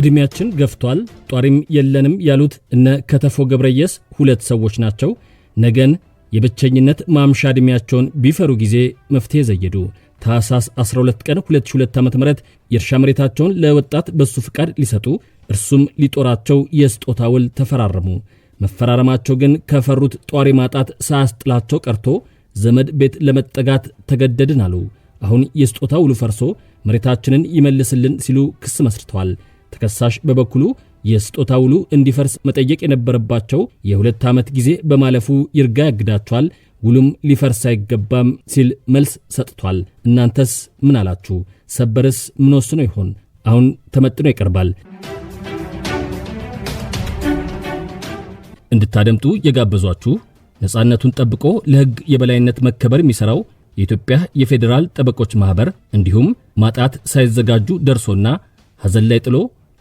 ዕድሜያችን ገፍቷል፣ ጧሪም የለንም ያሉት እነ ከተፎ ገብረየስ ሁለት ሰዎች ናቸው። ነገን የብቸኝነት ማምሻ ዕድሜያቸውን ቢፈሩ ጊዜ መፍትሄ ዘየዱ። ታሳስ 12 ቀን 2002 ም የእርሻ መሬታቸውን ለወጣት በሱ ፍቃድ ሊሰጡ እርሱም ሊጦራቸው የስጦታ ውል ተፈራረሙ። መፈራረማቸው ግን ከፈሩት ጧሪ ማጣት ሳያስጥላቸው ቀርቶ ዘመድ ቤት ለመጠጋት ተገደድን አሉ። አሁን የስጦታ ውሉ ፈርሶ መሬታችንን ይመልስልን ሲሉ ክስ መስርተዋል። ተከሳሽ በበኩሉ የስጦታ ውሉ እንዲፈርስ መጠየቅ የነበረባቸው የሁለት ዓመት ጊዜ በማለፉ ይርጋ ያግዳቸዋል፣ ውሉም ሊፈርስ አይገባም ሲል መልስ ሰጥቷል። እናንተስ ምን አላችሁ? ሰበርስ ምን ወስኖ ይሆን? አሁን ተመጥኖ ይቀርባል። እንድታደምጡ የጋበዟችሁ ነፃነቱን ጠብቆ ለሕግ የበላይነት መከበር የሚሠራው የኢትዮጵያ የፌዴራል ጠበቆች ማኅበር እንዲሁም ማጣት ሳይዘጋጁ ደርሶና ሐዘን ላይ ጥሎ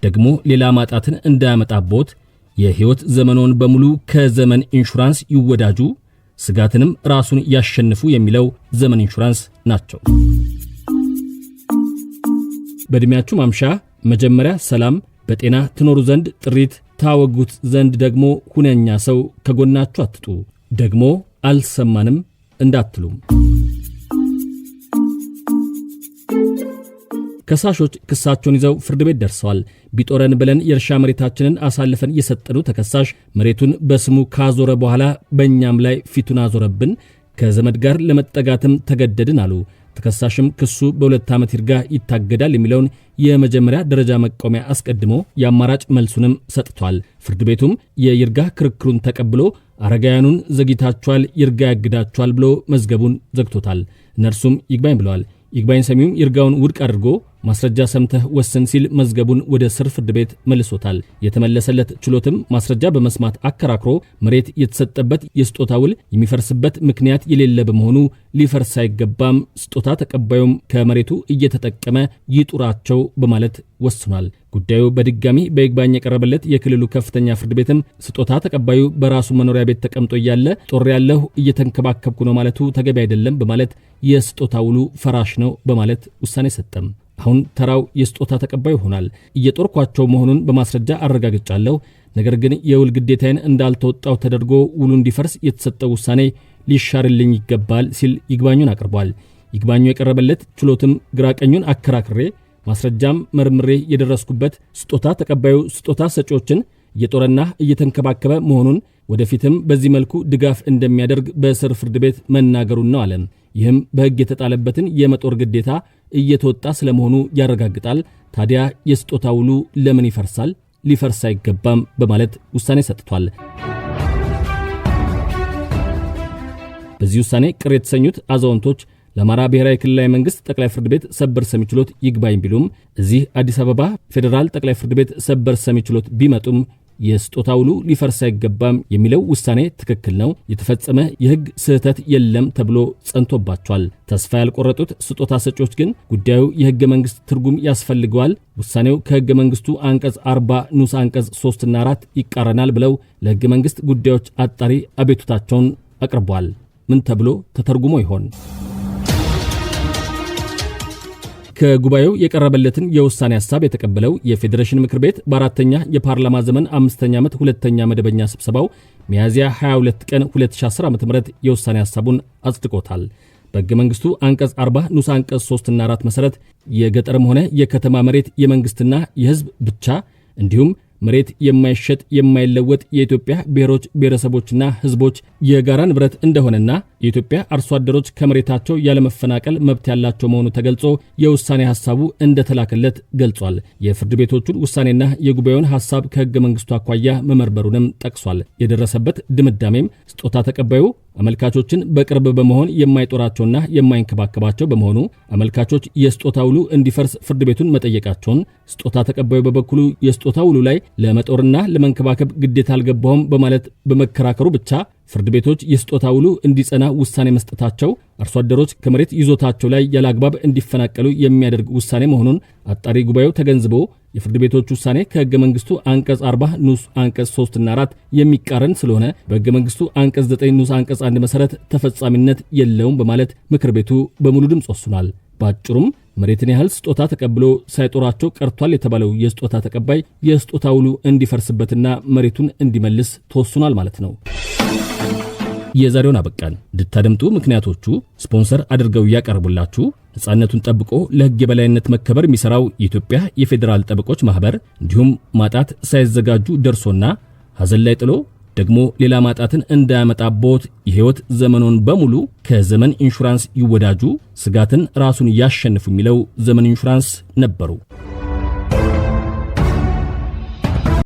ደግሞ ሌላ ማጣትን እንዳያመጣቦት የሕይወት ዘመኖን በሙሉ ከዘመን ኢንሹራንስ ይወዳጁ፣ ስጋትንም ራሱን ያሸንፉ የሚለው ዘመን ኢንሹራንስ ናቸው። በዕድሜያችሁ ማምሻ መጀመሪያ ሰላም፣ በጤና ትኖሩ ዘንድ ጥሪት፣ ታወጉት ዘንድ ደግሞ ሁነኛ ሰው ከጎናችሁ አትጡ፣ ደግሞ አልሰማንም እንዳትሉም ከሳሾች ክሳቸውን ይዘው ፍርድ ቤት ደርሰዋል። ቢጦረን ብለን የእርሻ መሬታችንን አሳልፈን እየሰጠኑ ተከሳሽ መሬቱን በስሙ ካዞረ በኋላ በእኛም ላይ ፊቱን አዞረብን፣ ከዘመድ ጋር ለመጠጋትም ተገደድን አሉ። ተከሳሽም ክሱ በሁለት ዓመት ይርጋ ይታገዳል የሚለውን የመጀመሪያ ደረጃ መቃወሚያ አስቀድሞ የአማራጭ መልሱንም ሰጥቷል። ፍርድ ቤቱም የይርጋ ክርክሩን ተቀብሎ አረጋውያኑን ዘግይታችኋል፣ ይርጋ ያግዳችኋል ብሎ መዝገቡን ዘግቶታል። እነርሱም ይግባኝ ብለዋል። ይግባኝ ሰሚውም ይርጋውን ውድቅ አድርጎ ማስረጃ ሰምተህ ወስን ሲል መዝገቡን ወደ ስር ፍርድ ቤት መልሶታል። የተመለሰለት ችሎትም ማስረጃ በመስማት አከራክሮ መሬት የተሰጠበት የስጦታ ውል የሚፈርስበት ምክንያት የሌለ በመሆኑ ሊፈርስ አይገባም፣ ስጦታ ተቀባዩም ከመሬቱ እየተጠቀመ ይጡራቸው በማለት ወስኗል። ጉዳዩ በድጋሚ በይግባኝ የቀረበለት የክልሉ ከፍተኛ ፍርድ ቤትም ስጦታ ተቀባዩ በራሱ መኖሪያ ቤት ተቀምጦ እያለ ጦር ያለሁ እየተንከባከብኩ ነው ማለቱ ተገቢ አይደለም በማለት የስጦታ ውሉ ፈራሽ ነው በማለት ውሳኔ ሰጠም። አሁን ተራው የስጦታ ተቀባይ ይሆናል እየጦርኳቸው መሆኑን በማስረጃ አረጋግጫለሁ። ነገር ግን የውል ግዴታዬን እንዳልተወጣው ተደርጎ ውሉ እንዲፈርስ የተሰጠው ውሳኔ ሊሻርልኝ ይገባል ሲል ይግባኙን አቅርቧል። ይግባኙ የቀረበለት ችሎትም ግራቀኙን አከራክሬ ማስረጃም መርምሬ የደረስኩበት ስጦታ ተቀባዩ ስጦታ ሰጪዎችን እየጦረና እየተንከባከበ መሆኑን ወደፊትም በዚህ መልኩ ድጋፍ እንደሚያደርግ በስር ፍርድ ቤት መናገሩን ነው አለም። ይህም በሕግ የተጣለበትን የመጦር ግዴታ እየተወጣ ስለመሆኑ ያረጋግጣል። ታዲያ የስጦታ ውሉ ለምን ይፈርሳል? ሊፈርስ አይገባም በማለት ውሳኔ ሰጥቷል። በዚህ ውሳኔ ቅር የተሰኙት አዛውንቶች ለአማራ ብሔራዊ ክልላዊ መንግስት ጠቅላይ ፍርድ ቤት ሰበር ሰሚ ችሎት ይግባኝ ቢሉም እዚህ አዲስ አበባ ፌዴራል ጠቅላይ ፍርድ ቤት ሰበር ሰሚ ችሎት ቢመጡም የስጦታ ውሉ ሊፈርስ አይገባም የሚለው ውሳኔ ትክክል ነው፣ የተፈጸመ የህግ ስህተት የለም ተብሎ ጸንቶባቸዋል። ተስፋ ያልቆረጡት ስጦታ ሰጪዎች ግን ጉዳዩ የህገ መንግስት ትርጉም ያስፈልገዋል፣ ውሳኔው ከህገ መንግስቱ አንቀጽ 40 ንዑስ አንቀጽ 3 እና 4 ይቃረናል ብለው ለህገ መንግስት ጉዳዮች አጣሪ አቤቱታቸውን አቅርቧል። ምን ተብሎ ተተርጉሞ ይሆን? ከጉባኤው የቀረበለትን የውሳኔ ሀሳብ የተቀበለው የፌዴሬሽን ምክር ቤት በአራተኛ የፓርላማ ዘመን አምስተኛ ዓመት ሁለተኛ መደበኛ ስብሰባው ሚያዝያ 22 ቀን 2010 ዓ ም የውሳኔ ሀሳቡን አጽድቆታል። በሕገ መንግሥቱ አንቀጽ 40 ንዑስ አንቀጽ 3 እና 4 መሠረት የገጠርም ሆነ የከተማ መሬት የመንግሥትና የሕዝብ ብቻ እንዲሁም መሬት የማይሸጥ የማይለወጥ የኢትዮጵያ ብሔሮች ብሔረሰቦችና ሕዝቦች የጋራ ንብረት እንደሆነና የኢትዮጵያ አርሶ አደሮች ከመሬታቸው ያለመፈናቀል መብት ያላቸው መሆኑ ተገልጾ የውሳኔ ሀሳቡ እንደተላከለት ገልጿል። የፍርድ ቤቶቹን ውሳኔና የጉባኤውን ሀሳብ ከሕገ መንግስቱ አኳያ መመርመሩንም ጠቅሷል። የደረሰበት ድምዳሜም ስጦታ ተቀባዩ አመልካቾችን በቅርብ በመሆን የማይጦራቸውና የማይንከባከባቸው በመሆኑ አመልካቾች የስጦታ ውሉ እንዲፈርስ ፍርድ ቤቱን መጠየቃቸውን፣ ስጦታ ተቀባዩ በበኩሉ የስጦታ ውሉ ላይ ለመጦርና ለመንከባከብ ግዴታ አልገባውም በማለት በመከራከሩ ብቻ ፍርድ ቤቶች የስጦታ ውሉ እንዲጸና ውሳኔ መስጠታቸው አርሶ አደሮች ከመሬት ይዞታቸው ላይ ያለ አግባብ እንዲፈናቀሉ የሚያደርግ ውሳኔ መሆኑን አጣሪ ጉባኤው ተገንዝቦ የፍርድ ቤቶች ውሳኔ ከሕገ መንግሥቱ አንቀጽ 40 ንዑስ አንቀጽ 3 እና 4 የሚቃረን ስለሆነ በሕገ መንግሥቱ አንቀጽ 9 ንዑስ አንቀጽ 1 መሠረት ተፈጻሚነት የለውም በማለት ምክር ቤቱ በሙሉ ድምፅ ወስኗል። በአጭሩም መሬትን ያህል ስጦታ ተቀብሎ ሳይጦራቸው ቀርቷል የተባለው የስጦታ ተቀባይ የስጦታ ውሉ እንዲፈርስበትና መሬቱን እንዲመልስ ተወስኗል ማለት ነው። የዛሬውን አበቃን። እንድታደምጡ ምክንያቶቹ ስፖንሰር አድርገው እያቀርቡላችሁ ነፃነቱን ጠብቆ ለሕግ የበላይነት መከበር የሚሠራው የኢትዮጵያ የፌዴራል ጠበቆች ማኅበር፣ እንዲሁም ማጣት ሳይዘጋጁ ደርሶና ሐዘን ላይ ጥሎ ደግሞ ሌላ ማጣትን እንዳያመጣቦት የሕይወት ዘመኑን በሙሉ ከዘመን ኢንሹራንስ ይወዳጁ። ስጋትን ራሱን ያሸንፉ የሚለው ዘመን ኢንሹራንስ ነበሩ።